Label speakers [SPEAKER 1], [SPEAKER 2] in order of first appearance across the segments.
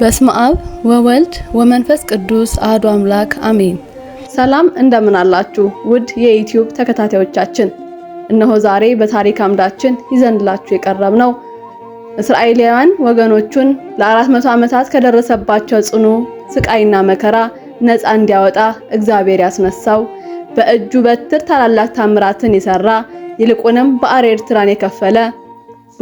[SPEAKER 1] በስመ አብ ወወልድ ወመንፈስ ቅዱስ አሐዱ አምላክ አሜን። ሰላም እንደምን አላችሁ ውድ የዩቲዩብ ተከታታዮቻችን፣ እነሆ ዛሬ በታሪክ አምዳችን ይዘንላችሁ የቀረብ ነው። እስራኤላውያን ወገኖቹን ለ400 ዓመታት ከደረሰባቸው ጽኑ ስቃይና መከራ ነፃ እንዲያወጣ እግዚአብሔር ያስነሳው በእጁ በትር ታላላቅ ታምራትን የሰራ ይልቁንም ባሕረ ኤርትራን የከፈለ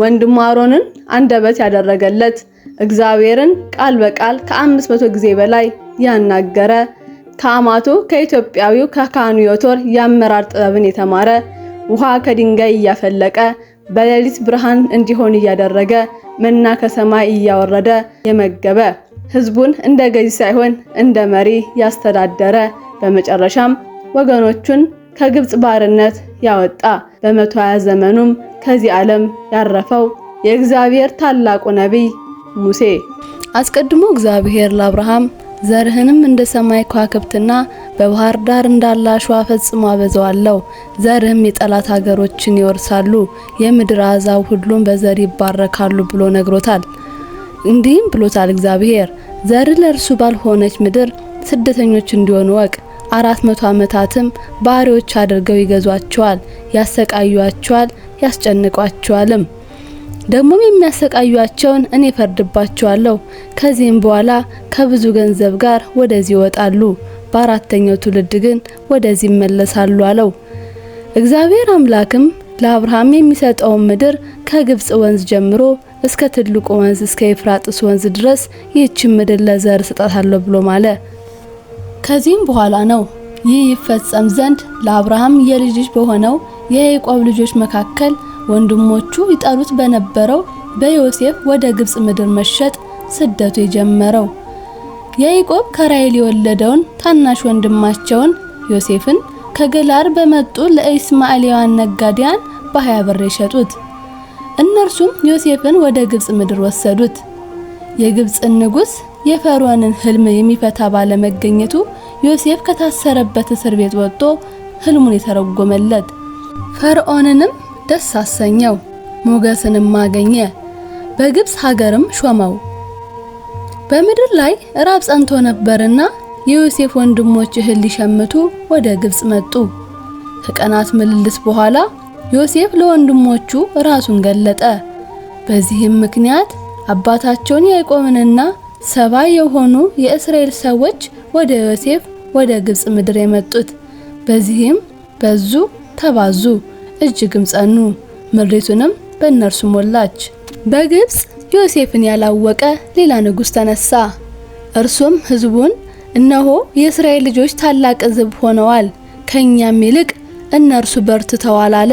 [SPEAKER 1] ወንድሙ አሮንን አንደበት ያደረገለት እግዚአብሔርን ቃል በቃል ከአምስት መቶ ጊዜ በላይ ያናገረ ከአማቱ ከኢትዮጵያዊው ከካህኑ ዮቶር የአመራር ጥበብን የተማረ ውሃ ከድንጋይ እያፈለቀ በሌሊት ብርሃን እንዲሆን እያደረገ መና ከሰማይ እያወረደ የመገበ ህዝቡን እንደ ገዢ ሳይሆን እንደ መሪ ያስተዳደረ በመጨረሻም ወገኖቹን ከግብፅ ባርነት ያወጣ በመቶ ሃያ ዘመኑም ከዚህ ዓለም ያረፈው የእግዚአብሔር ታላቁ ነቢይ ሙሴ
[SPEAKER 2] አስቀድሞ እግዚአብሔር ለአብርሃም ዘርህንም እንደ ሰማይ ከዋክብትና በባህር ዳር እንዳለ አሸዋ ፈጽሞ አበዛዋለሁ፣ ዘርህም የጠላት ሀገሮችን ይወርሳሉ፣ የምድር አሕዛብ ሁሉም በዘር ይባረካሉ ብሎ ነግሮታል። እንዲህም ብሎታል እግዚአብሔር ዘር ለእርሱ ባልሆነች ምድር ስደተኞች እንዲሆኑ ወቅ አራት መቶ ዓመታትም ባሪዎች አድርገው ይገዟቸዋል፣ ያሰቃዩአቸዋል፣ ያስጨንቋቸዋልም። ደግሞም የሚያሰቃዩቸውን እኔ ፈርድባቸዋለሁ። ከዚህም በኋላ ከብዙ ገንዘብ ጋር ወደዚህ ይወጣሉ፣ በአራተኛው ትውልድ ግን ወደዚህ ይመለሳሉ አለው። እግዚአብሔር አምላክም ለአብርሃም የሚሰጠውን ምድር ከግብጽ ወንዝ ጀምሮ እስከ ትልቁ ወንዝ እስከ ኤፍራጥስ ወንዝ ድረስ ይህችን ምድር ለዘር ስጣታለሁ ብሎ ማለ። ከዚህም በኋላ ነው ይህ ይፈጸም ዘንድ ለአብርሃም የልጅ ልጅ በሆነው የያዕቆብ ልጆች መካከል ወንድሞቹ ይጠሉት በነበረው በዮሴፍ ወደ ግብጽ ምድር መሸጥ ስደቱ የጀመረው። ያዕቆብ ከራሔል የወለደውን ታናሽ ወንድማቸውን ዮሴፍን ከገላር በመጡ ለኢስማኤላውያን ነጋዴያን በሀያ ብር የሸጡት። እነርሱም ዮሴፍን ወደ ግብጽ ምድር ወሰዱት። የግብጽ ንጉሥ የፈርዖንን ህልም የሚፈታ ባለመገኘቱ ዮሴፍ ከታሰረበት እስር ቤት ወጥቶ ህልሙን የተረጎመለት ፈርዖንንም ደስ አሰኘው፣ ሞገስንም አገኘ። በግብፅ ሀገርም ሾመው። በምድር ላይ ራብ ጸንቶ ነበርና የዮሴፍ ወንድሞች እህል ሊሸምቱ ወደ ግብፅ መጡ። ከቀናት ምልልስ በኋላ ዮሴፍ ለወንድሞቹ ራሱን ገለጠ። በዚህም ምክንያት አባታቸውን ያዕቆብንና ሰባ የሆኑ የእስራኤል ሰዎች ወደ ዮሴፍ ወደ ግብፅ ምድር የመጡት በዚህም በዙ፣ ተባዙ። እጅግም ጸኑ፣ ምድሪቱንም በእነርሱ ሞላች። በግብፅ ዮሴፍን ያላወቀ ሌላ ንጉሥ ተነሳ። እርሱም ሕዝቡን እነሆ የእስራኤል ልጆች ታላቅ ሕዝብ ሆነዋል፣ ከእኛም ይልቅ እነርሱ በርትተዋል አለ።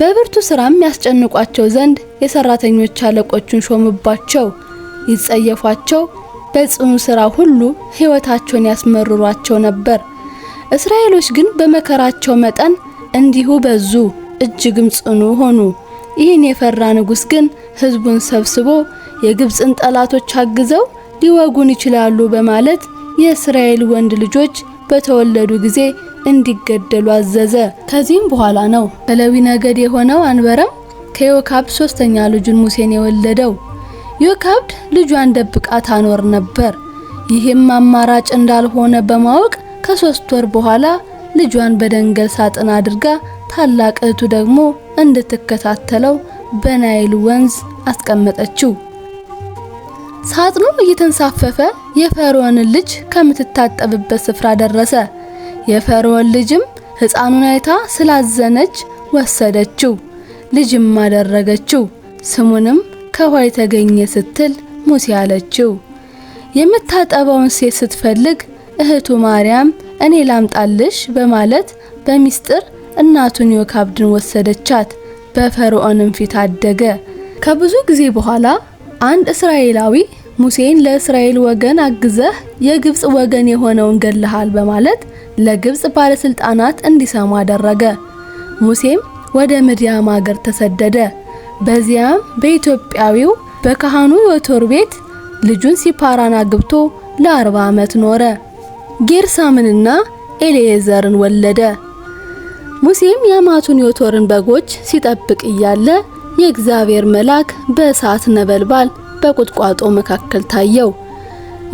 [SPEAKER 2] በብርቱ ሥራም ያስጨንቋቸው ዘንድ የሠራተኞች አለቆቹን ሾምባቸው፣ ይጸየፏቸው፣ በጽኑ ሥራ ሁሉ ሕይወታቸውን ያስመርሯቸው ነበር። እስራኤሎች ግን በመከራቸው መጠን እንዲሁ በዙ፣ እጅግም ጽኑ ሆኑ። ይህን የፈራ ንጉስ ግን ህዝቡን ሰብስቦ የግብፅን ጠላቶች አግዘው ሊወጉን ይችላሉ በማለት የእስራኤል ወንድ ልጆች በተወለዱ ጊዜ እንዲገደሉ አዘዘ። ከዚህም በኋላ ነው ከሌዊ ነገድ የሆነው አንበረም ከዮካብ ሶስተኛ ልጁን ሙሴን የወለደው። ዮካብድ ልጇን ደብቃ ታኖር ነበር። ይህም አማራጭ እንዳልሆነ በማወቅ ከሶስት ወር በኋላ ልጇን በደንገል ሳጥን አድርጋ ታላቅ እህቱ ደግሞ እንድትከታተለው በናይል ወንዝ አስቀመጠችው። ሳጥኑ እየተንሳፈፈ የፈርዖንን ልጅ ከምትታጠብበት ስፍራ ደረሰ። የፈርዖን ልጅም ሕፃኑን አይታ ስላዘነች ወሰደችው፣ ልጅም አደረገችው። ስሙንም ከውኃ የተገኘ ስትል ሙሴ አለችው። የምታጠበውን ሴት ስትፈልግ እህቱ ማርያም እኔ ላምጣልሽ በማለት በሚስጥር እናቱን ዮካብድን ወሰደቻት። በፈርዖንም ፊት አደገ። ከብዙ ጊዜ በኋላ አንድ እስራኤላዊ ሙሴን ለእስራኤል ወገን አግዘህ የግብፅ ወገን የሆነውን ገልሃል በማለት ለግብፅ ባለስልጣናት እንዲሰማ አደረገ። ሙሴም ወደ ምድያም አገር ተሰደደ። በዚያም በኢትዮጵያዊው በካህኑ ዮቶር ቤት ልጁን ሲፓራን አግብቶ ለአርባ ዓመት ኖረ። ጌርሳምንና ኤሌየዘርን ወለደ። ሙሴም የአማቱን ዮቶርን በጎች ሲጠብቅ እያለ የእግዚአብሔር መልአክ በእሳት ነበልባል በቁጥቋጦ መካከል ታየው።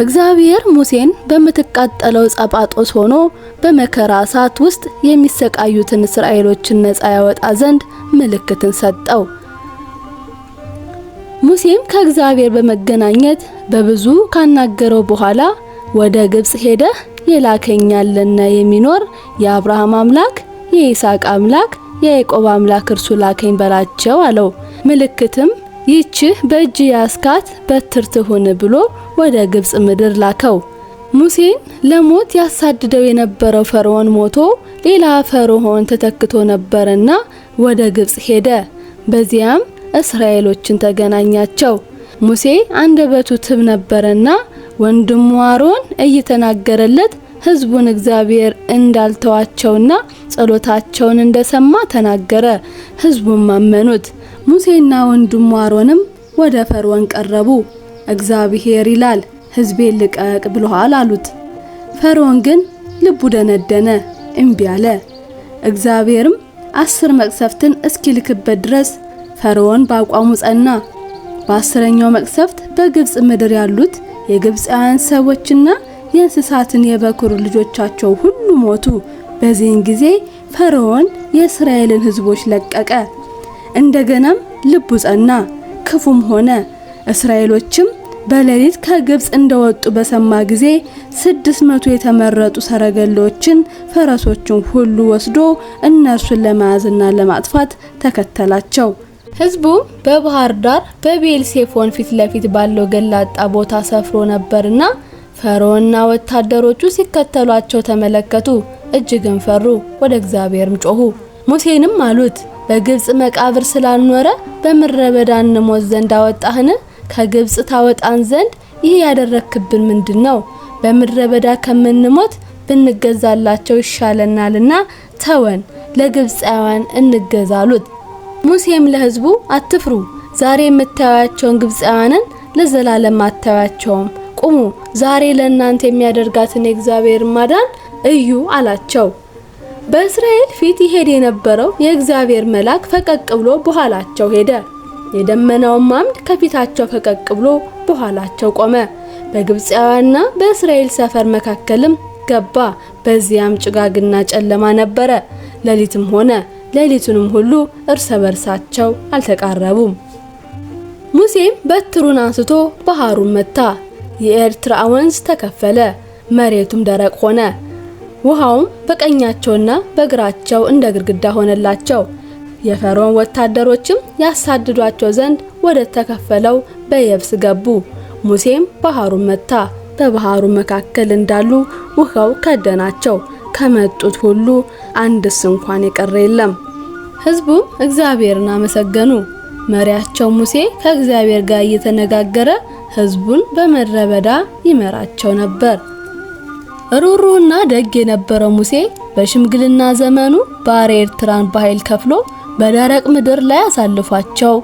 [SPEAKER 2] እግዚአብሔር ሙሴን በምትቃጠለው ጸጳጦስ ሆኖ በመከራ እሳት ውስጥ የሚሰቃዩትን እስራኤሎችን ነፃ ያወጣ ዘንድ ምልክትን ሰጠው። ሙሴም ከእግዚአብሔር በመገናኘት በብዙ ካናገረው በኋላ ወደ ግብጽ ሄደህ የላከኛልና የሚኖር የአብርሃም አምላክ የይስሐቅ አምላክ የያዕቆብ አምላክ እርሱ ላከኝ በላቸው አለው። ምልክትም ይህችህ በእጅ ያስካት በትር ትሁን ብሎ ወደ ግብጽ ምድር ላከው። ሙሴን ለሞት ያሳድደው የነበረው ፈርዖን ሞቶ ሌላ ፈርዖን ተተክቶ ነበርና ወደ ግብጽ ሄደ። በዚያም እስራኤሎችን ተገናኛቸው። ሙሴ አንደበቱ ትብ ነበርና ወንድሙ አሮን እየተናገረለት ህዝቡን እግዚአብሔር እንዳልተዋቸውና ጸሎታቸውን እንደሰማ ተናገረ። ህዝቡም አመኑት። ሙሴና ወንድሙ አሮንም ወደ ፈርዖን ቀረቡ። እግዚአብሔር ይላል ህዝቤን ልቀቅ ብሎሃል አሉት። ፈርዖን ግን ልቡ ደነደነ፣ እምቢ አለ። እግዚአብሔርም አስር መቅሰፍትን እስኪልክበት ድረስ ፈርዖን በአቋሙ ጸና። በአስረኛው መቅሰፍት በግብፅ ምድር ያሉት የግብፃውያን ሰዎችና የእንስሳትን የበኩር ልጆቻቸው ሁሉ ሞቱ። በዚህን ጊዜ ፈርዖን የእስራኤልን ሕዝቦች ለቀቀ። እንደገናም ልቡ ጸና፣ ክፉም ሆነ። እስራኤሎችም በሌሊት ከግብፅ እንደወጡ በሰማ ጊዜ ስድስት መቶ የተመረጡ ሰረገሎችን፣ ፈረሶችን ሁሉ ወስዶ እነርሱን ለመያዝና ለማጥፋት ተከተላቸው። ህዝቡም በባህር ዳር በቤልሴፎን ፊት ለፊት ባለው ገላጣ ቦታ ሰፍሮ ነበርና ፈርዖንና ወታደሮቹ ሲከተሏቸው ተመለከቱ። እጅግም ፈሩ፣ ወደ እግዚአብሔርም ጮኹ። ሙሴንም አሉት በግብጽ መቃብር ስላልኖረ በምድረ በዳ እንሞት ዘንድ አወጣህን? ከግብጽ ታወጣን ዘንድ ይህ ያደረክብን ምንድን ነው? በምድረ በዳ ከምንሞት ብንገዛላቸው ይሻለናልና ተወን፣ ለግብጻውያን እንገዛሉት ሙሴም ለህዝቡ አትፍሩ፣ ዛሬ የምታዩአቸውን ግብፃውያንን ለዘላለም አታዩአቸውም፣ ቁሙ፣ ዛሬ ለእናንተ የሚያደርጋትን የእግዚአብሔር ማዳን እዩ አላቸው። በእስራኤል ፊት ይሄድ የነበረው የእግዚአብሔር መልአክ ፈቀቅ ብሎ በኋላቸው ሄደ። የደመናውም አምድ ከፊታቸው ፈቀቅ ብሎ በኋላቸው ቆመ። በግብፃውያንና በእስራኤል ሰፈር መካከልም ገባ። በዚያም ጭጋግና ጨለማ ነበረ፣ ሌሊትም ሆነ። ሌሊቱንም ሁሉ እርስ በርሳቸው አልተቃረቡም። ሙሴም በትሩን አንስቶ ባህሩን መታ። የኤርትራ ወንዝ ተከፈለ፣ መሬቱም ደረቅ ሆነ። ውሃውም በቀኛቸውና በግራቸው እንደ ግድግዳ ሆነላቸው። የፈርዖን ወታደሮችም ያሳድዷቸው ዘንድ ወደ ተከፈለው በየብስ ገቡ። ሙሴም ባህሩን መታ፣ በባህሩ መካከል እንዳሉ ውሃው ከደናቸው። ከመጡት ሁሉ አንድስ እንኳን የቀረ የለም። ህዝቡም እግዚአብሔርን አመሰገኑ። መሪያቸው ሙሴ ከእግዚአብሔር ጋር እየተነጋገረ ህዝቡን በምድረ በዳ ይመራቸው ነበር። ሩሩና ደግ የነበረው ሙሴ በሽምግልና ዘመኑ ባሬ ኤርትራን በኃይል ከፍሎ በደረቅ ምድር ላይ አሳልፏቸው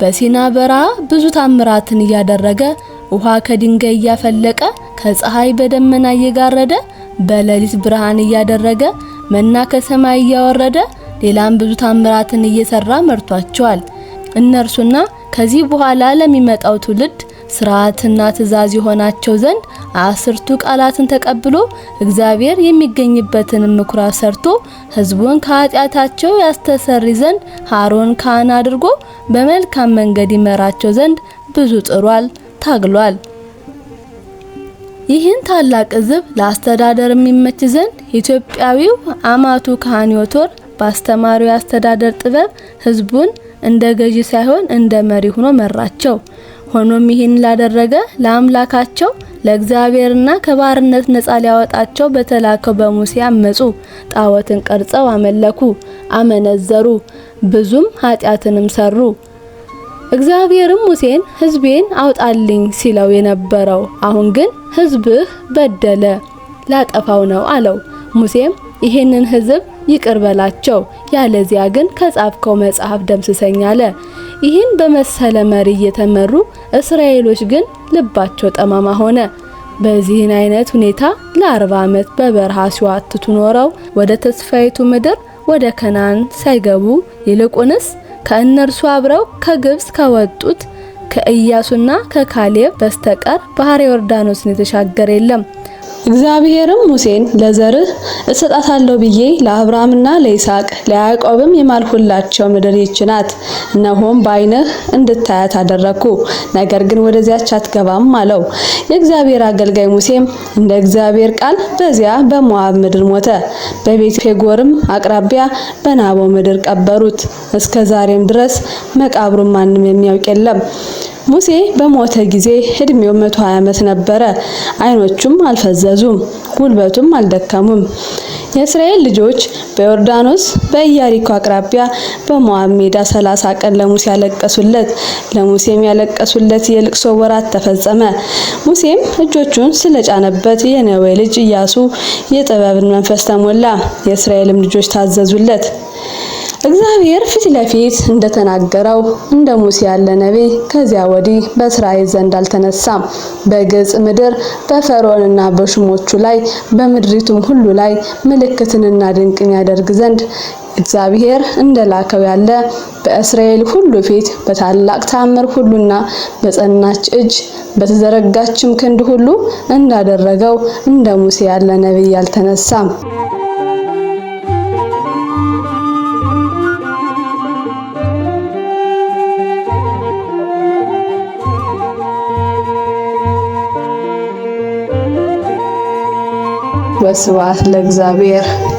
[SPEAKER 2] በሲና በረሃ ብዙ ታምራትን እያደረገ ውሃ ከድንጋይ እያፈለቀ ከፀሐይ በደመና እየጋረደ በሌሊት ብርሃን እያደረገ መና ከሰማይ እያወረደ ሌላም ብዙ ታምራትን እየሰራ መርቷቸዋል። እነርሱና ከዚህ በኋላ ለሚመጣው ትውልድ ስርዓትና ትእዛዝ የሆናቸው ዘንድ አስርቱ ቃላትን ተቀብሎ እግዚአብሔር የሚገኝበትን ምኩራብ ሰርቶ ሕዝቡን ከኃጢአታቸው ያስተሰሪ ዘንድ ሀሮን ካህን አድርጎ በመልካም መንገድ ይመራቸው ዘንድ ብዙ ጥሯል፣ ታግሏል። ይህን ታላቅ ህዝብ ለአስተዳደር የሚመች ዘንድ ኢትዮጵያዊው አማቱ ካህን ዮቶር ባስተማሪው የአስተዳደር ጥበብ ህዝቡን እንደ ገዢ ሳይሆን እንደ መሪ ሆኖ መራቸው። ሆኖም ይህን ላደረገ ለአምላካቸው ለእግዚአብሔርና ከባርነት ነጻ ሊያወጣቸው በተላከው በሙሴ አመፁ። ጣዖትን ቀርጸው አመለኩ፣ አመነዘሩ፣ ብዙም ኃጢአትንም ሰሩ። እግዚአብሔርም ሙሴን ሕዝቤን አውጣልኝ ሲለው የነበረው አሁን ግን ሕዝብህ በደለ ላጠፋው ነው አለው። ሙሴም ይሄንን ሕዝብ ይቅር በላቸው፣ ያለዚያ ግን ከጻፍከው መጽሐፍ ደምስሰኝ አለ። ይህን በመሰለ መሪ እየተመሩ እስራኤሎች ግን ልባቸው ጠማማ ሆነ። በዚህን አይነት ሁኔታ ለአርባ ዓመት በበረሃ ሲዋትቱ ኖረው ወደ ተስፋይቱ ምድር ወደ ከናን ሳይገቡ ይልቁንስ ከእነርሱ አብረው ከግብጽ ከወጡት ከኢያሱና ከካሌብ በስተቀር ባህረ ዮርዳኖስን የተሻገረ የለም። እግዚአብሔርም ሙሴን ለዘርህ እሰጣታለሁ ብዬ ለአብርሃምና ለይስሐቅ ለያዕቆብም የማልሁላቸው ምድር ይች ናት፣ እነሆም በዓይንህ እንድታያት አደረግኩ፣ ነገር ግን ወደዚያች አትገባም አለው። የእግዚአብሔር አገልጋይ ሙሴም እንደ እግዚአብሔር ቃል በዚያ በሞዓብ ምድር ሞተ። በቤት ፌጎርም አቅራቢያ በናቦ ምድር ቀበሩት። እስከ ዛሬም ድረስ መቃብሩን ማንም የሚያውቅ የለም። ሙሴ በሞተ ጊዜ እድሜው 120 ዓመት ነበረ። አይኖቹም አልፈዘዙም፣ ጉልበቱም አልደከሙም። የእስራኤል ልጆች በዮርዳኖስ በኢያሪኮ አቅራቢያ በሞዓብ ሜዳ 30 ቀን ለሙሴ ያለቀሱለት፣ ለሙሴም ያለቀሱለት የልቅሶ ወራት ተፈጸመ። ሙሴም እጆቹን ስለጫነበት የነዌ ልጅ ኢያሱ የጥበብን መንፈስ ተሞላ፣ የእስራኤልም ልጆች ታዘዙለት። እግዚአብሔር ፊት ለፊት እንደተናገረው እንደ ሙሴ ያለ ነቢይ ከዚያ ወዲህ በእስራኤል ዘንድ አልተነሳም። በግብፅ ምድር በፈርዖንና በሹሞቹ ላይ በምድሪቱም ሁሉ ላይ ምልክትንና ድንቅን ያደርግ ዘንድ እግዚአብሔር እንደላከው ያለ በእስራኤል ሁሉ ፊት በታላቅ ተአምር ሁሉና በጸናች እጅ በተዘረጋችም ክንድ ሁሉ እንዳደረገው እንደ ሙሴ ያለ ነቢይ አልተነሳም። ወስብሐት ለእግዚአብሔር